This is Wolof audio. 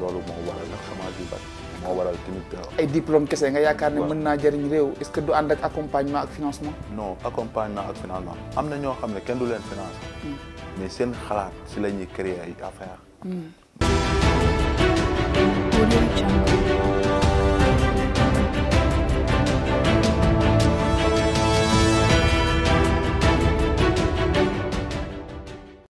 loolu moo waral nag chômage bi moo waral tamit. Euh, ay diplôme kese nga yaakaar ne mën naa jëriñ réew est-ce que du ànd ak accompagnement ak financement. non accompagnement ak financement am na ñoo xam ne kenn du leen finance hmm. mais seen xalaat si la ñuy créer ay affaire hmm.